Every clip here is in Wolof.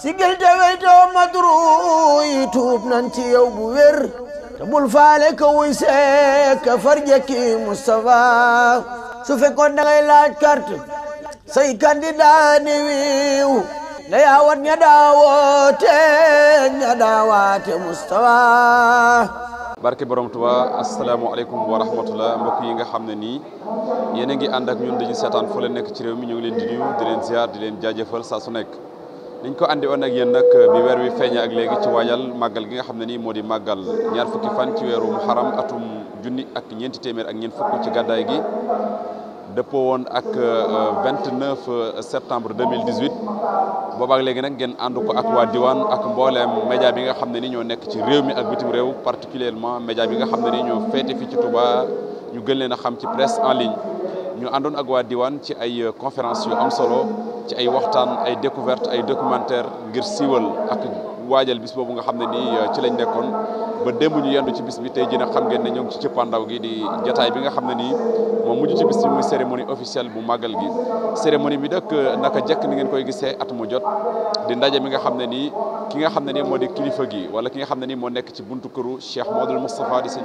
sigil te weytoo madru yi tuub nan bu wér te bul faale ka wuy seek ka farjëkki Moustapha su fekkoon da ngay laaj carte say candidat ni wiiw na yaawat ña daawoote ña daawaate Moustapha barke borom Tuuba asalaamaaleykum wa rahmatullah mbokk yi nga xam ne nii yéen a ngi ànd ak ñun dañu seetaan fu nekk ci rew mi ñu ngi leen di nuyu di leen ziar di leen jaajëfal saa su nekk niñ ko andi woon ak yéen nag bi weer wi feeñee ak léegi ci waajal màggal gi nga xam ne nii moo di màggal ñaar fukki fan ci weeru muharram atum junni ak ñeenti téeméer ak ñeent fukk ci gàddaay gi dëppoo woon ak 29 euh, euh, septembre 2018 boobaak léegi nag ngeen ànd ko ak waa diwaan ak mbooleem média bi nga xam ne ni ñoo nekk ci réew mi ak bitim réew particulièrement média bi nga xam ne ni ñoo féete fi ci Touba ñu gën leen a xam ci presse en ligne ñu àndoon ak waa diwaan ci ay euh, conférence yu am solo ci ay waxtaan ay découverte ay documentaire ngir siwal ak waajal bis boobu nga xam ne nii euh, ci lañ nekkoon ba démb ñu yendu ci bis bi tey jii nag xam ngeen ne ñoo ngi ci cëppaandaw gi di jataay bi nga xam ne nii moom mujj ci bis bi muy cérémonie officielle bu màggal gi cérémonie bi nag euh, naka jekk ni ngeen koy gisee at mu jot di ndaje mi nga xam ne nii ki nga xam ne nii moo di kilifa gi wala ki nga xam ne nii moo nekk ci buntu këru Cheikh Modou Moustapha di sëñ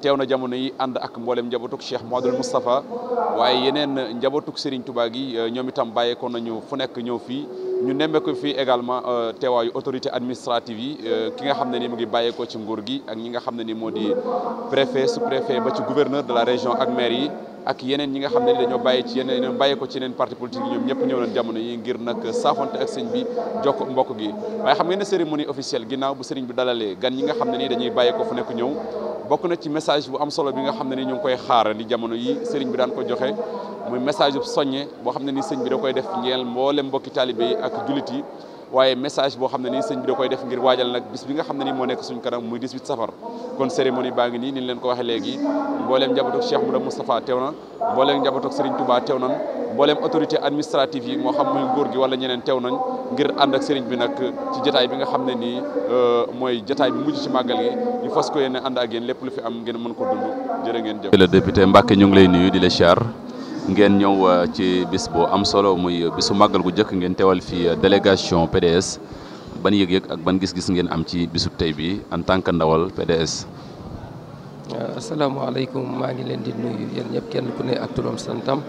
teew na jamono yi ànd ak mboolem njabootug Cheikh Mouhamadoul Moustapha waaye yeneen njabootug Serigne Touba gi euh, ñoom itam bàyyeekoo nañu fu nekk ñëw fii ñu nemmeeku fii également euh, teewaayu autorité administrative yi euh, ki nga xam ne ni mu ngi bàyyeekoo ci nguur gi ak ñi nga xam ne ni moo di préfet sous préfet ba ci gouverneur de la région ak maire yi ak yeneen ñi nga xam ne ni dañoo bàyyi ci yeneen ñoom bàyyeekoo ci yeneen parti politique yi ñoom ñëpp ñëw nañ jamono yi ngir nag saafonte ak sëñ bi jokk mbokk gi waaye xam ngeen ne cérémonie officielle ginnaaw bu sëriñ bi dalalee gan ñi nga xam ne nii dañuy bàyyeekoo fu ñëw bokk na ci message bu am solo bi nga xam ne ni ñu ngi koy xaarandi jamono yi sëriñ bi daan ko joxe mooy message bu soññe boo xam ne nii señ bi da koy def ñeel mboolem mbokki taalibe yi ak jullit yi waaye message boo xam ne nii sëñ bi koy def ngir waajal nag bis bi nga xam ne nii moo nekk suñ kanam muy 18 safar kon cérémonie baa ngi nii ni leen ko waxee léegi mbooleem njabootu Cheikh Mouhamadou Moustapha teew na mbooleem njabootu Serigne Touba teew nañ mbooleem autorité administrative yi moo xam muy nguur gi wala ñeneen teew nañ ngir ànd ak Serigne bi nag ci jataay bi nga xam ne nii euh, mooy jotaay bi mujj ci màggal gi ñu fas ko yéene ànd ak yéen lépp lu fi am ngeen mën ko dund jërë ngeen jëf. le député Mbacke ñu lay nuyu di la ziar ngeen ñëw euh, ci bis boo am solo muy bisu màggal gu njëkk ngeen teewal fi euh, délégation PDS ban yëg-yëg ak ban gis-gis ngeen am ci bisub tey bi en tant que ndawal PDS. Euh, asalaamaaleykum maa ngi leen di nuyu yéen ñëpp kenn ku ne ak turam santam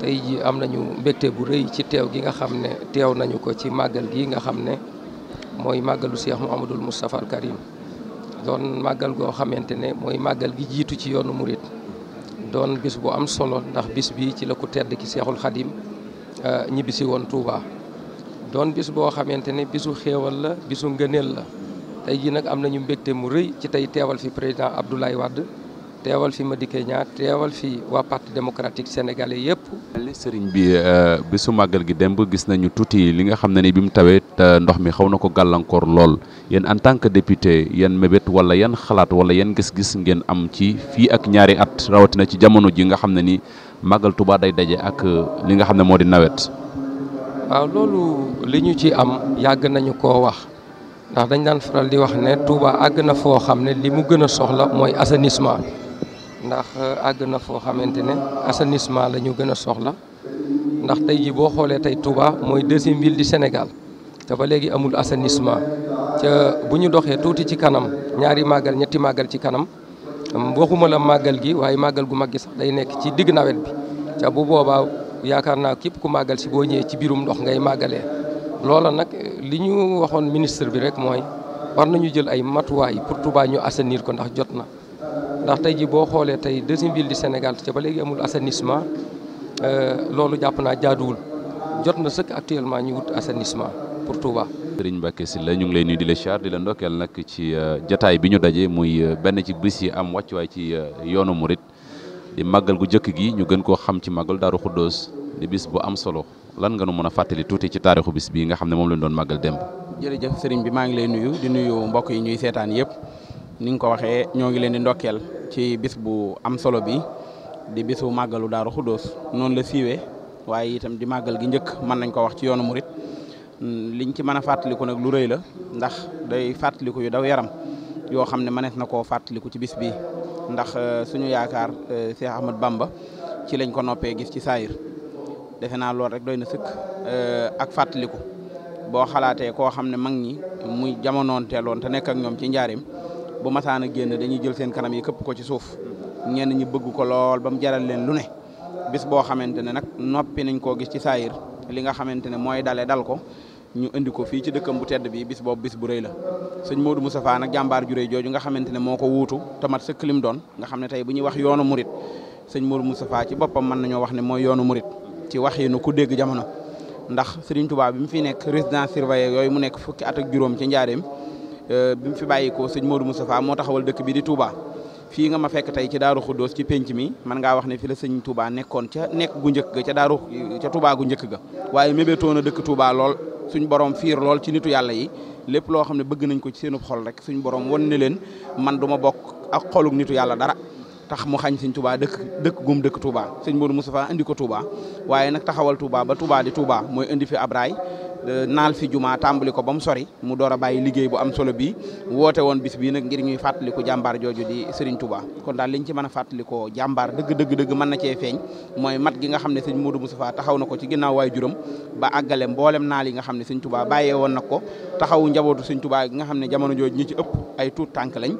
tey ji am nañu mbégte bu rëy ci teew gi nga xam ne teew nañu ko ci màggal gi nga xam ne mooy màggalu Cheikh Mouhamadoul Moustapha Al Karim doon màggal goo xamante ne mooy màggal gi jiitu ci yoonu murit doon bis bu am solo ndax bis bi ci la ko tedd ki seexul xadim euh, ñibbisi woon Touba doon bis boo xamante ne bisu xéewal la bisu ngëneel la tey jii nag am nañu mbégte mu rëy ci tey teewal fi président Abdoulaye Wade teewal fi Madické ñaar teewal fi waa parti démocratique sénégalais yëpp. sëriñ bi euh, bisu màggal gi démb gis nañu tuuti li nga xam ne ni bi mu tawee te ndox mi xawna ko galankor lol yen en tant que député yen mebet wala yen xalat wala yen gis-gis ngeen am ci fi ak ñaari at na ci jamono ji nga xamne ni magal tuba day daje ak euh, li nga xamne modi nawet. waaw lolou liñu ci am yag nañu ko wax ndax dañ daan faral di wax ne tuba ag na fo xamne limu gëna soxla moy assainissement ndax ag euh, na fo xamantene assainissement lañu gëna soxla ndax tay ji bo xolé tay tuba moy deuxième ville du Sénégal. te ba léegi amul assainissement ca bu ñu doxee tuuti ci kanam ñaari màggal ñetti màggal ci kanam waxuma la màggal gi waaye màggal gu mag gi sax day nekk ci diggu nawet bi ca bu boobaa yaakaar naa képp ku màggal si boo ñëwee ci biirum ndox ngay màggalee loola nag li ñu waxoon ministre bi rek mooy war nañu jël ay matuwaay pour Touba ñu assainir ko ndax jot na ndax tey ji boo xoolee tey deuxième ville di Sénégal ca ba léegi amul assainissement euh, loolu jàpp naa jaaduwul jot na sëkk actuellement ñu wut assainissement pour Touba. Serigne Mbacké Sylla ñu ngi lay nuyu di la siyaar di la ndokkeel nag ci euh, jataay bi ñu dajee muy euh, benn ci bis yi am wàccuwaay ci euh, yoonu murit di màggal gu njëkk gi ñu gën koo xam ci màggal Daaru Xuddoos di bis bu am solo lan nga nu mën a fàttali tuuti ci taarixu bis bii nga xam ne moom lañ doon màggal démb. jërëjëf sëriñ bi maa ngi lay nuyu di nuyu mbokk yi ñuy seetaan yëpp ni nga ko waxee ñoo ngi leen di ndokkeel ci bis bu am solo bi di bisu màggalu Daaru Xuddoos noonu la siiwee waaye itam di màggal gi njëkk mën nañ ko wax ci yoonu murit liñ ci mën a fàttaliku nag lu rëy la ndax day fàttaliku yu daw yaram yoo xam ne mënees na koo fàttaliku ci bis bi ndax euh, suñu yaakaar euh, Cheikh Ahmad Bamba ci lañ ko noppee gis ci saayir defe naa loolu rek doy na sëkk euh, ak fàttaliku boo xalaatee koo xam ne mag ñi muy jamonoonteeloon te nekk ak ñoom ci njaarim bu masaan génn dañuy jël seen kanam yi këpp ko ci suuf ñenn ñi bëgg ko lool ba jaral leen lu ne bis boo xamante ne nag noppi nañ koo gis ci saayir li nga xamante ne mooy dale dal ko ñu indi ko fii ci dëkkam bu tedd bi bis boobu bis bu rëy la sëñ Modou Moustapha nag jàmbaar ju rëy jooju nga xamante ne moo ko wuutu tamat sa doon nga xam ne tey bu ñuy wax yoonu murit sëñ Modou Moustapha ci boppam man na ñoo wax ne mooy yoonu murit ci waxinu ku dégg jamono ndax Serigne Touba bi mu fi nekk résidence surveillée yooyu mu nekk fukki at ak juróom ci njaareem euh, bi mu fi bàyyikoo sëñ Modou Moustapha moo taxawal dëkk bi di Touba fii nga ma fekk tey ci Daaru Xuddoos ci penc mi man wax ne fi la sëñ Touba nekkoon ca nekk gu njëkk ca Daaru ca Touba njëkk ga suñ borom fiir lool ci nitu yàlla yi lépp loo xam ne bëgg nañ ko ci seenub xol rek suñ borom wan ne leen man duma bokk ak xoluk nitu yàlla dara tax mu xañ sëñ Touba dëkk dëkk gum dëkk Touba sëñ Modou Moustapha indi ko Touba waaye nag taxawal Touba ba Touba di Touba mooy indi fi abraay Euh, naal fi juma tàmbali ko ba mu sori mu door a bàyyi liggéey bu am solo bii woote woon bis bii nag ngir ñuy fàttaliku jàmbaar jooju di Serigne Touba kon daal liñ ci mën a fàttalikoo jàmbaar dëgg dëgg dëgg mën na cee feeñ mooy mat gi nga xam ne sëñ Modou Moustapha taxaw na ko ci ginnaaw waay juram ba àggale mboolem naal yi nga xam ne sëñ Touba bàyyee woon na ko taxawu njabootu sëñ Touba gi nga xam ne jamono jooju ñi ci ëpp ay tuut tànk lañ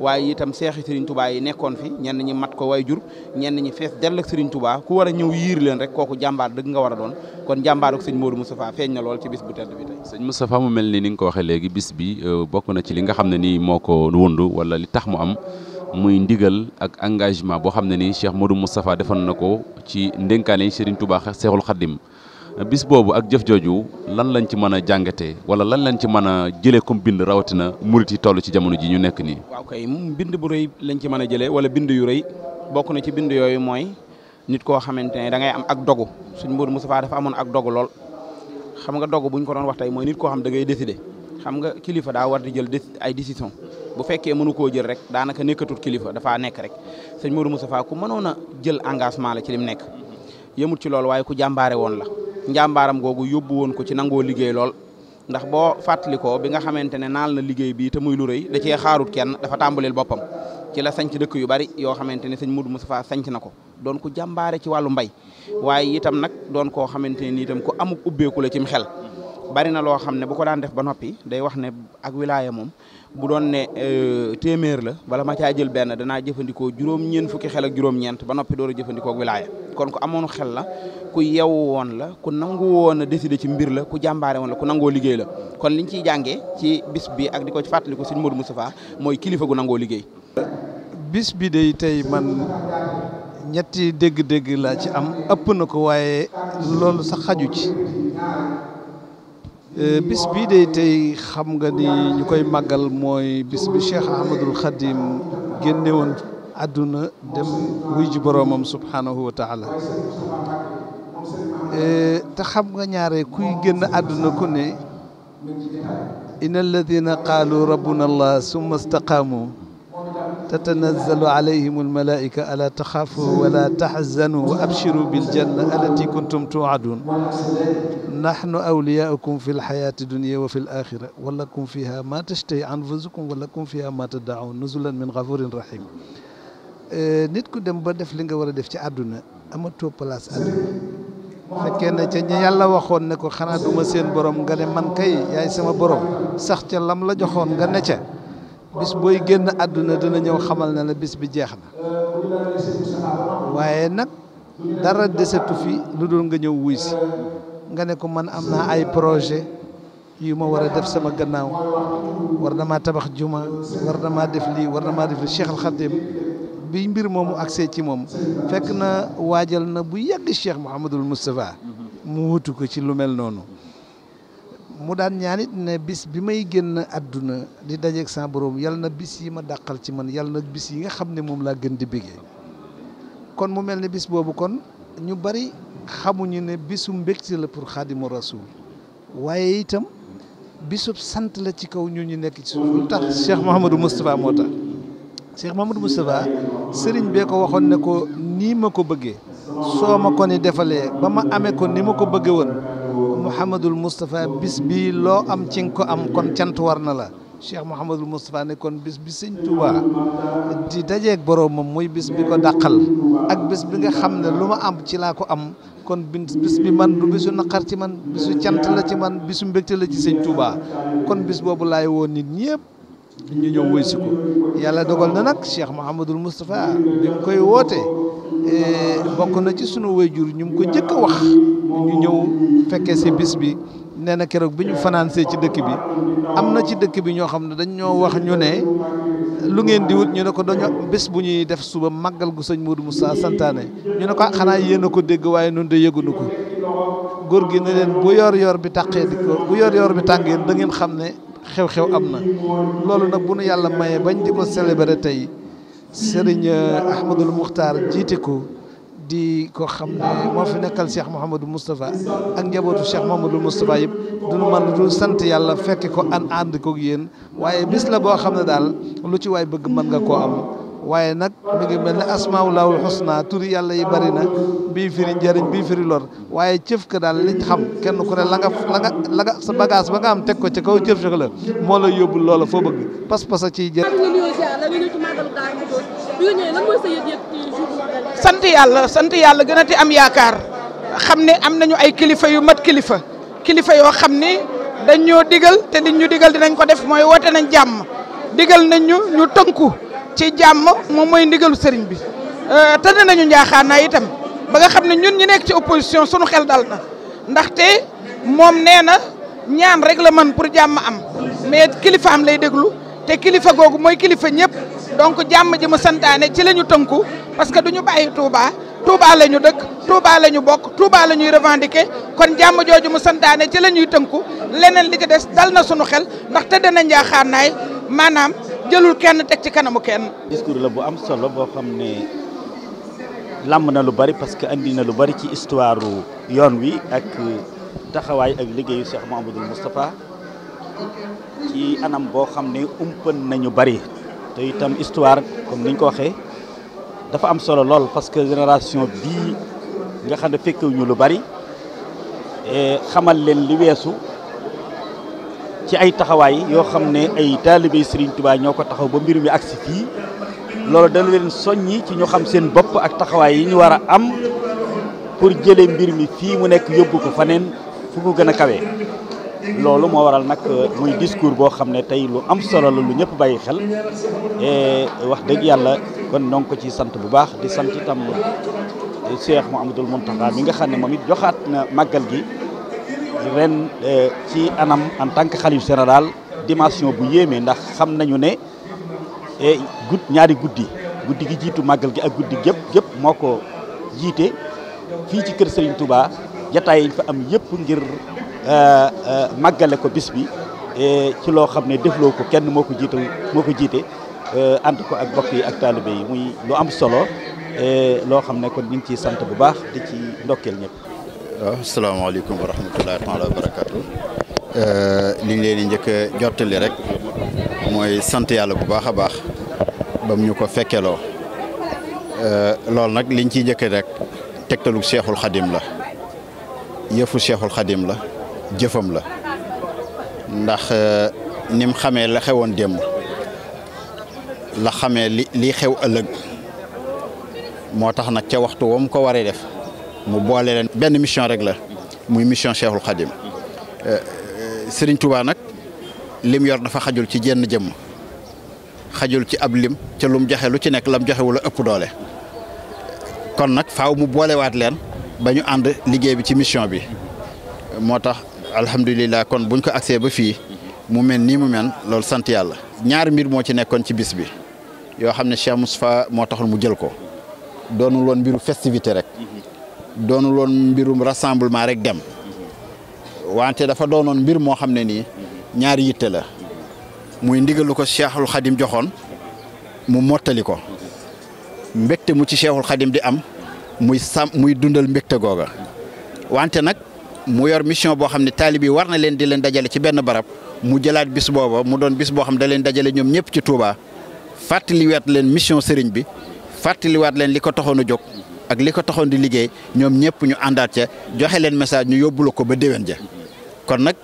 waaye itam seexi Serigne tubaa yi nekkoon fi ñenn ñi mat ko way jur ñenn ñi fees dell ak Serigne Touba ku war a ñëw yiir leen rek kooku jàmbaar dëgg nga war doon kon jàmbaar ak sëñ Modou Moustapha feeñ na lool ci bis bu tedd bi tey. sëñ Moustapha mu mel ni ni nga ko waxee léegi bis bi euh, bokk na ci li nga xam ne nii moo ko wëndu wala li tax mu am muy ndigal ak engagement boo xam ne nii Cheikh Modou Moustapha defoon na ko ci ndénkaane Serigne Touba Seexul Xaddim bis boobu ak jëf jooju lan lañ ci mën a jàngatee wala lan lañ ci mën a jëlee comme bind rawatina murit yi toll ci jamono ji ñu nekk nii. waaw kay bind bu rëy lañ ci mën a jëlee wala bind yu rëy bokk na ci bind yooyu mooy nit koo xamante ne da ngay am ak dogu suñ Mbour Moustapha dafa amoon ak dogu lool xam nga bu ñu ko doon wax tey mooy nit koo xam da ngay décider xam nga kilifa daa war di jël ay décision bu fekkee mënu koo jël rek daanaka nekkatul kilifa dafaa nekk rek sëñ Modou Moustapha ku mënoon a jël engagement la ci lim nekk yëmut ci loolu waaye ku jàmbaare woon la njàmbaaram googu yóbbu woon ko ci nangoo liggéey lool ndax boo ko bi nga xamante ne naal na liggéey bi te muy lu rey da cee xaarut kenn dafa tàmbalil boppam ci la sanc dëkk yu bari yoo xamante ne sëñ Modou faa sanc na ko doon ko jàmbaare ci wàllu mbay waaye itam nag doon koo xamante ne itam ku amuk ubbeeku la cim xel bari na loo xam ne bu ko daan def ba noppi day wax ne ak wilaaya moom bu doon ne euh, téeméer la bala ma caa jël benn danaa jëfandikoo juróom-ñeent fukki xel ak juróom-ñeent ba noppi door a jëfandikoo ak wilaaya kon ku amoon xel la ku yewu woon la ku nangu woon a décider ci mbir la ku jàmbaare woon la ku nangoo liggéey la kon liñ ciy jàngee ci bis bi ak di ko fàttaliku sëñ Modou Moustapha mooy kilifa gu nangoo liggéey. bis bi day tey man ñetti dégg-dégg laa ci am ëpp na ko waaye loolu sax xaju ci. Euh, bis bii de tey xam nga ni ñu koy màggal mooy bis bi Cheikh Ahmadul Khadim génne woon àdduna dem wuy ji boroomam subhanahu wa taala euh, te xam nga ñaare kuy génn àdduna ku ne in alladina qaalu rabbuna allah summa istaqaamu تتنزل عليهم الملائكة ألا تخافوا ولا تحزنوا وأبشروا بالجنة التي كنتم توعدون نحن أولياؤكم في الحياة الدنيا وفي الآخرة ولكم فيها ما تشتهي أنفسكم ولكم فيها ما تدعون نزلا من غفور رحيم nit ku dem ba def li nga war a def ci àdduna amatoo place àdduna fekkee ne ca ña yàlla waxoon ne ko xanaa duma seen borom nga ne man kay yaay sama borom sax ca bis booy génn àdduna dana ñëw xamal na la bis bi jeex na waaye nag dara desetu fi lu dul nga ñëw wuy si nga ne ko man am naa ay projet yu ma war a def sama gannaaw war na maa tabax juma war na def lii war na maa def lii Cheikh Al bi mbir moomu agsee ci moom fekk na waajal na bu yàgg Cheikh Mouhamadul Moustapha mu wutu ko ci lu mel noonu mu daan ñaanit ne bis bi may génn àdduna di dajeeg sa borom yal na bis yi ma dàqal ci man yal na bis yi nga xam ne moom laa gën di bégee kon mu mel ne bis boobu kon ñu bari xamuñu ne bisu mbégte la pour xaadimu rasul waaye itam bisu sant la ci kaw ñu ñu nekk ci suuf lu tax Cheikh Mouhamadou Moustapha moo tax Cheikh Mouhamadou Moustapha sëriñ bee ko waxoon ne ko nii ma ko bëggee soo ma ko ni defalee ba ma amee ko ni ma ko bëggee woon Mouhamadul Moustapha bis bi loo am ci ko am kon cant war na la Cheikh Mouhamadul Moustapha ne kon bis bi sëñ Touba di dajeeg boroomam muy bis bi ko dàqal ak bis bi nga xam ne lu ma am ci laa ko am kon bis bi man du bisu naqar ci man bisu cant la ci man bisu mbégte la ci sëñ Touba kon bis boobu laay woo nit ñëpp ñu ñëw woy si ko yàlla dogal na nag Cheikh Mouhamadul Moustapha bi mu koy woote. Eh, bokk na ci sunu wayjur ñu mu ko njëkk wax ñu ñëw fekkee si bis bi nee na keroog bi ñu fanaan see ci dëkk bi am na ci dëkk bi ñoo xam ne dañ ñoo wax ñu ne lu ngeen di wut ñu ne ko dañoo bés bu ñuy def suba màggal gu sëñ Modou Moussa santaane ñu ne ko ah, xanaa yéen a ko dégg waaye noonu de yëgunu ko góor gi ne leen bu yor-yor bi tàqee di ko bu yor-yor bi tàngee da ngeen xam ne xew-xew am na loolu nag bu nu yàlla mayee bañ di ko célébrer tey. sëriñ euh, Ahmadul Muxtaar jiite ko di ko xam ne moo fi nekkal Cheikh Mouhamadou Moustapha ak njabootu Cheikh Mouhamadou Moustapha yëpp duñu man du sant yàlla fekke ko an ànd ko yéen waaye bis la boo xam ne daal lu ci bëgg mën nga koo am waye nak mi ngi melni asmaul lahul husna turi yalla yi bari na bi firi njëriñ bi firi lor waye cëf ka dal li xam kenn ku ne la nga la nga la nga sa bagage ba nga am tek ko ci kaw cëf la mo la yobul lolo fo bëgg pas-pas a ciy jë sant yalla sant yalla gëna ti am yaakar xamne am nañu ay kilifa yu mat kilifa kilifa yo xamne dañ ñoo digal te liñ ñu digal dinañ ko def moy wote nañ jam digal nañ ñu ñu tënku ci jàmm moom mooy ndigalu sëriñ bi euh, tëdd nañu njaaxaan naa itam ba nga xam ne ñun ñi nekk ci opposition sunu xel dal na ndaxte moom nee na ñaan rek la mën pour jàmm am mais kilifa am lay déglu te kilifa googu mooy kilifa ñëpp donc jàmm ji mu santaane ci la ñu tënku parce que du ñu bàyyi Touba Touba la ñu dëkk Touba la ñu bokk Touba la ñuy revendiquer kon jàmm jooju mu santaane ci la ñuy tënku leneen li ci des dal na sunu xel ndax tëdd na njaaxaan naay maanaam. jëlul kenn teg ci kanamu kenn. discours la bu am solo boo xam ne làmb na lu bari parce que andi na lu bari ci histoire yoon wi ak taxawaay ak liggéeyu Cheikh Mouhamadoul Moustapha ci anam boo xam ne umpan nañu bari te itam histoire comme niñ ko waxee dafa am solo lool parce que génération bii nga xam ne fekkewuñu lu bari eh, xamal leen li weesu. ci ay taxaway yo xamne ne ay taalibey Serigne Touba ñoko ko taxaw ba mbir mi agsi fii loolu dana leen soññi ci ñu xam seen bop ak taxaway yi ñu wara am pour jëlé mbir mi fi mu nek yobbu ko fanen fu ko gëna kawé lolu mo waral nak euh, muy discours bo xamne ne lu am solo lu ñepp bayyi xel wax dëgg yalla kon noo ko ci sant bu baax di sant tam Cheikh Mouhamadoul Mountakha mi nga xamne ne mami na magal gi ren euh, ci anam en tant que xalif général dimension bu yéemee ndax xam nañu ne euh, gud ñaari guddi guddi gi jiitu màggal gi ak guddi gépp gépp moo ko jiite fii ci kër Serigne Touba jataay yi fa am yëpp ngir euh, màggale ko bis bi ci loo xam ne defloo ko kenn moo ko jiite moo ko jiite ànd ko ak bokk yi ak taalibe yi muy lu am solo e loo xam ne kon ñu ngi ciy sant bu baax di ci ndokkeel ñëpp. السلام عليكم ورحمة الله وبركاته. لين نجيك جات لي رك. موي سنتي على بباخ باخ. بمنيكو فكلو. لول نك لين تيجيك رك. تكتلو سياح الخدم لا. يفو سياح الخدم لا. جفم لا. نخ نيم خامي لا خوان ديم. لا خامي لي خو ألق. موتاخ نك تي وقتو وم كو واري def mu boole leen benn mission rek la muy mission Cheikhul Khadim euh, euh, Serigne Touba nag lim yor dafa xajul ci jenn jëm xajul ci ab lim ca lum joxe lu ci nekk lam joxe a ëpp doole kon nag faw mu boolewaat leen ba ñu ànd liggéey bi ci mission bi moo tax alhamdulilah kon buñ ko agsee ba fii mu mel nii mu mel loolu sant yàlla ñaari mbir moo ci nekkoon ci bis bi yoo xam ne Cheikh Moustapha moo taxul mu jël ko doonul woon mbiru festivité rek doonu loon mbirum rassemblement rek dem wante dafa doonoon mbir moo xam ne nii ñaari yitte la muy ndigalu ko Cheikhul xadim joxoon mu mottali ko mbégte mu ci Cheikhul Khadim di am muy sam muy dundal mbégte googa wante nag mu yor mission boo xam ne taalib yi war na leen di leen dajale ci benn barab mu jëlaat bis booba mu doon bis boo xam ne da leen dajale ñoom ñëpp ci Touba fàttaliwaat leen mission sëriñ bi fàttaliwaat leen li ko taxoon a jóg. ak li ko taxoon di liggéey ñoom ñëpp ñu àndaat ca joxe leen message ñu yóbbu la ko ba déwén ja kon nag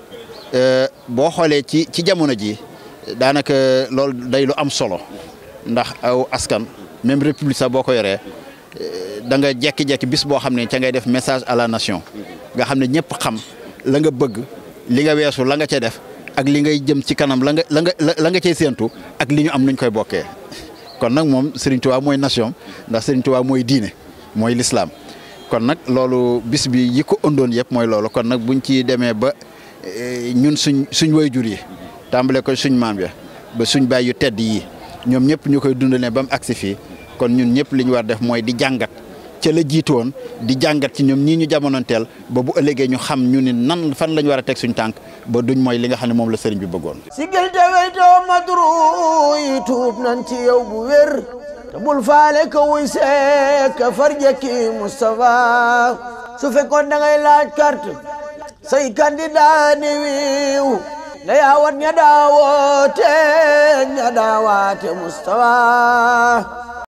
euh, boo xoolee ci ci jamono ji daanaka loolu day lu am solo ndax aw askan même république sax boo ko yoree euh, da nga jekki-jekki bis boo xam ne ca ngay def message à la nation nga xam ne ñëpp xam la nga bëgg li nga weesu la nga ca def ak li ngay jëm ci kanam la nga la nga la nga cay séentu ak li ñu am nuñ koy bokkee kon nag moom Serigne waa mooy nation ndax Serigne Touba mooy diine mooy lislaam kon nag loolu bis bi yi ko ëndoon yëpp mooy loolu kon nag buñ ci demee ba eh, ñun suñ suñ wayjur yi tàmbale ko suñ maam ya ba suñ baay yu tedd yi ñoom ñëpp ñu koy dundalee ba mu agsi fii kon ñun ñëpp li ñu war def mooy di jàngat ca la jiitoon di jàngat ci ñoom ñii ñu jamonoonteel ba bu ëllëgee ñu xam ñu ni nan fan la ñu war a teg suñ tànk ba duñ mooy li nga xam ne moom la sëriñ bi bëggoon. sigil te weytoo madru yi tuub nan ci yow bu wér. te bul faale ko wuy seek farje ki Moustapha su fekkoon da ngay laaj carte say candidat na yaa wat ña daawoote ña daawaate Moustapha